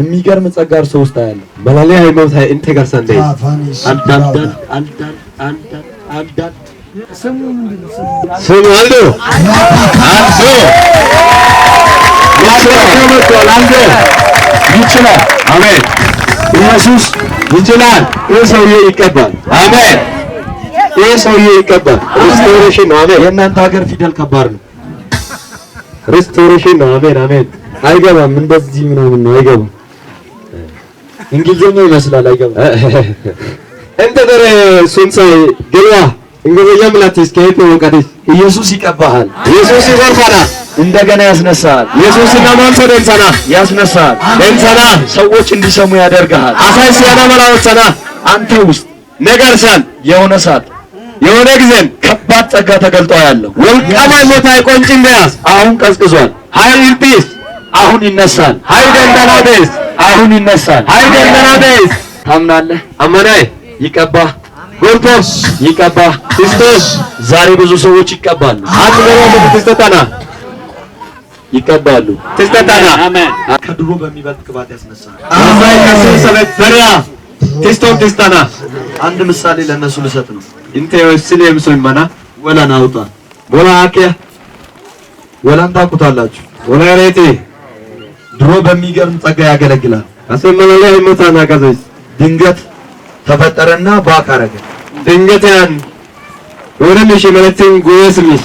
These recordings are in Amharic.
የሚገርም ጸጋር ሰው ውስጥ ያለ በላሌ ሃይማኖት ሃይ እንተ ጋር ሰንደይ አንዳንዳን አንዳን አንዳን አንዳን ስሙ ስሙ አልዶ አንሶ ይችላል። አሜን። ኢየሱስ ይችላል። ይህ ሰውዬ ይቀባል። አሜን። ይህ ሰውዬ ይቀባል። ሪስቶሬሽን ነው። አሜን። የእናንተ ሀገር ፊደል ከባድ ነው። ሪስቶሬሽን ነው። አሜን። አሜን። አይገባም። እንደዚህ ምናምን ነው አይገባም። እንግሊዘኛ ይመስላል አይገባም። እንደ ደረ ሱንሳይ ገልዋ እንግሊዘኛ ምላትስ ከሄት ነው ኢየሱስ ይቀባሃል፣ ኢየሱስ ይወርፋናል፣ እንደገና ያስነሳል። ኢየሱስ ለማን ሰደንሰና ያስነሳል፣ ደንሰና ሰዎች እንዲሰሙ ያደርጋል። አሳይ ሲያና መላወሰና አንተ ውስጥ ነገር ሳል የሆነ ሰዓት የሆነ ጊዜን ከባድ ጸጋ ተገልጦ ያለው ወልቃማነት አይቆንጭም። በያዝ አሁን ቀዝቅዟል። ኃይል ቢስ አሁን ይነሳል። ኃይል እንደናደስ አሁን ይነሳል። አይደለም አሜን። ታምናለህ? አመናይ ይቀባ ጎርቶስ ይቀባ ክርስቶስ ዛሬ ብዙ ሰዎች ይቀባሉ። አትገባም ትስተታና ይቀባሉ። ትስተታና አሜን። ከድሮ በሚበልጥ ቅባት ያስነሳል። አማይ ሰበት በራ ክርስቶስ ትስተታና አንድ ምሳሌ ለነሱ ልሰጥ ነው። እንተ ወስል የምሰን ማና ወላ ናውጣ ወላ አከ ወላን ታቁታላችሁ ወላ ሬቴ ድሮ በሚገርም ጸጋ ያገለግላል። አሰመለላይ መታና ከዘይስ ድንገት ተፈጠረና ባካረገ ድንገት ያን ወረምሽ መለትን ጉየስሚስ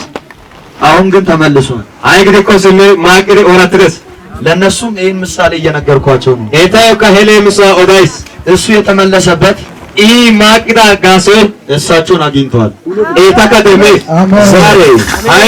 አሁን ግን ተመልሷል። አይግሪ ቆስም ማቅሪ ኦራትረስ ለነሱም ይህን ምሳሌ እየነገርኳቸው ነው። ኤታዮ ካሄሌ ምሳ ኦዳይስ እሱ የተመለሰበት ይህ ማቅዳ ጋሶን እሳቸውን አግኝተዋል። ኤታ ከደሜ ዛሬ አይ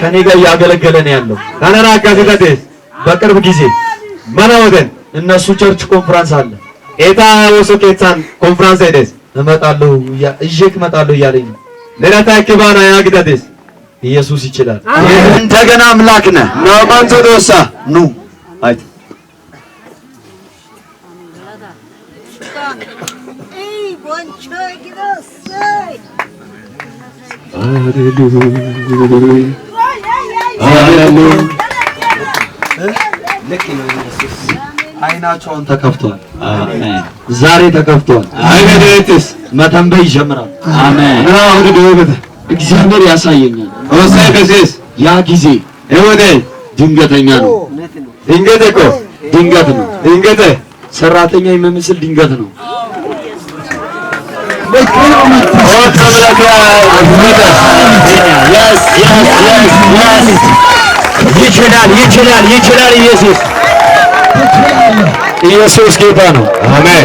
ከኔ ጋር እያገለገለ ነው ያለው። ካናራ ጋዜጣቴ በቅርብ ጊዜ መናወደን እነሱ ቸርች ኮንፈረንስ አለ ኤታ ወሶኬታን ኮንፈረንስ አይደስ እመጣለሁ እዤክ እመጣለሁ እያለኝ ነው። ታክባና ከባና ያግዳቴስ ኢየሱስ ይችላል። እንደገና አምላክ ነው ማንቶ ዶሳ ኑ አይት Hallelujah. አይናቸውን ተከፍቷል። ዛሬ ተከፍቷል። አይነደትስ መተንበይ ይጀምራል። አሜን። እግዚአብሔር ያሳየኛል። ያ ጊዜ ድንገተኛ ነው። ድንገት እኮ ድንገት ነው። ድንገት ሰራተኛ የሚመስል ድንገት ነው። They count on me. Oh, come on, Yes, yes, yes, yes. Yichirani, Yichirani, Yichirani, Jesus. ኢየሱስ ጌታ ነው። አሜን።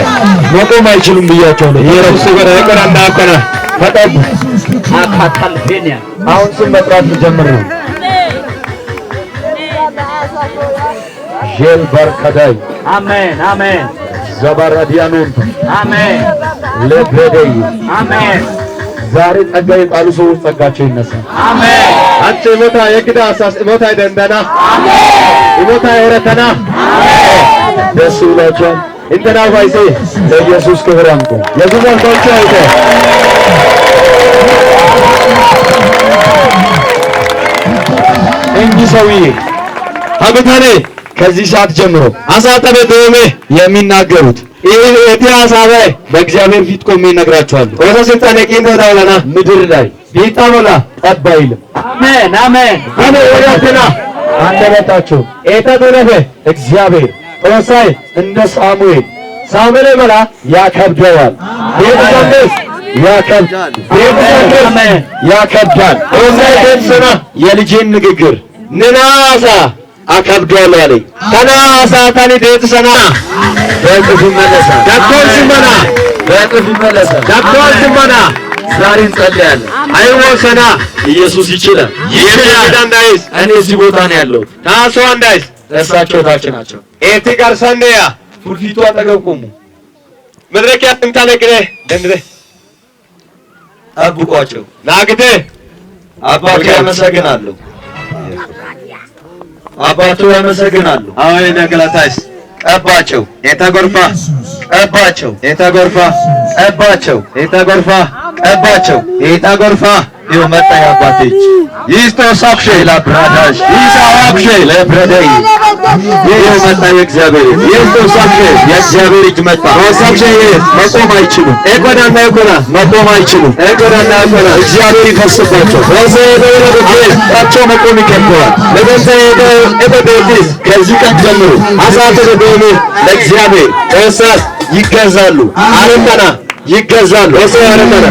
መቆም አይችሉም ብያቸዋለሁ። ኢየሱስ ጋር አይቀር አንዳቀረ ፈጠብ አካታል ሄኒያ አሁን ስም መጥራት ጀምር ነው ሼል ባርከዳይ አሜን አሜን ዘባራዲያኖንቱ አሜን ለበደይ አሜን። ዛሬ ጸጋ የቃሉ ሰዎች ጸጋቸው ይነሳል። አሜን አንቺ ሞታ የግዳ አሳስ ሞታ ይደንደና አሜን ሞታ ይረተና አሜን ደስ ይላችኋል። እንተና ፋይሴ ለኢየሱስ ክብር አምጡ የጉዛን ኮንቻ አይተ እንጂ ሰውዬ አብታኔ ከዚህ ሰዓት ጀምሮ አሳጠበ ደሜ የሚናገሩት ይህ ሀሳብ በእግዚአብሔር ፊት ቆሜ እነግራችኋለሁ። ወደ ስልጣን የቂን ዳውለና ምድር ላይ ቢጣሞላ ጠብ አይልም። አሜን አሜን። አሜ ወዳትና አንደበታችሁ ኤታቶለፈ እግዚአብሔር ጦሳይ እንደ ሳሙኤል ሳሙኤል በላ ያከብደዋል ቤተሰብስ ያከብዳል። ጦሳይ ደምስና የልጄን ንግግር ንናሳ አከብዷል ያለኝ ተና ሰዓታኒ ቤት ሰና በእጥፍ ይመለሳ ዳክቶን ዝመና በእጥፍ ይመለሳ ዳክቶን ዝመና ዛሬ እንጸልያለን። አይወ ሰና ኢየሱስ ይችላል ይችላል። እንዳይስ እኔ እዚህ ቦታ ነው ያለው ታሶ እንዳይስ እሳቸው ታች ናቸው። ኤቲ ጋር ሰንደያ ሁልፊቱ አጠገብ ቆሙ። መድረክ ያንታ ነቅረ ደንድረ ጠብቋቸው ናግቴ አባቴ አመሰግናለሁ። አባቱ ያመሰግናሉ። አሁን ነግላታይስ ቀባቸው የተጎርፋ ቀባቸው የተጎርፋ ቀባቸው የተጎርፋ ቀባቸው የተጎርፋ ይኸው መጣ ያባቴ ይስቶሳክሽ ለብራዳሽ ይሳዋክሽ ለብረዳይ ይኸው መጣ የእግዚአብሔር ይስቶሳክሽ የእግዚአብሔር እጅ መጣ ወሳክሽ መቆም አይችሉም። ኤጎዳና ኤጎዳ መቆም አይችሉም። ኤጎዳና ኤጎዳ እግዚአብሔር ይፈስባቸው ወዘ ደረብ ታቸው መቆም ይከብደዋል። ለበዛ ኤበደዲስ ከዚህ ቀን ጀምሮ አሳተ ደደሙ ለእግዚአብሔር ተሳስ ይገዛሉ። አረምና ይገዛሉ ወሰ አረምና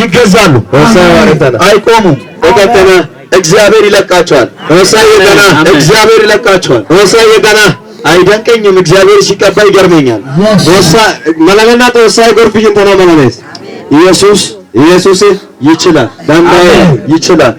ይገዛሉ፣ አይቆሙም። ተቀጠለ እግዚአብሔር ይለቃቸዋል። ወሳይ የገና እግዚአብሔር ይለቃቸዋል። ወሳይ የገና አይደንቀኝም። እግዚአብሔር ሲቀባ ይገርመኛል። ወሳ መለለና ተወሳይ ጎርፍሽን ተና መለለስ ኢየሱስ ኢየሱስ ይችላል፣ ዳንዳ ይችላል።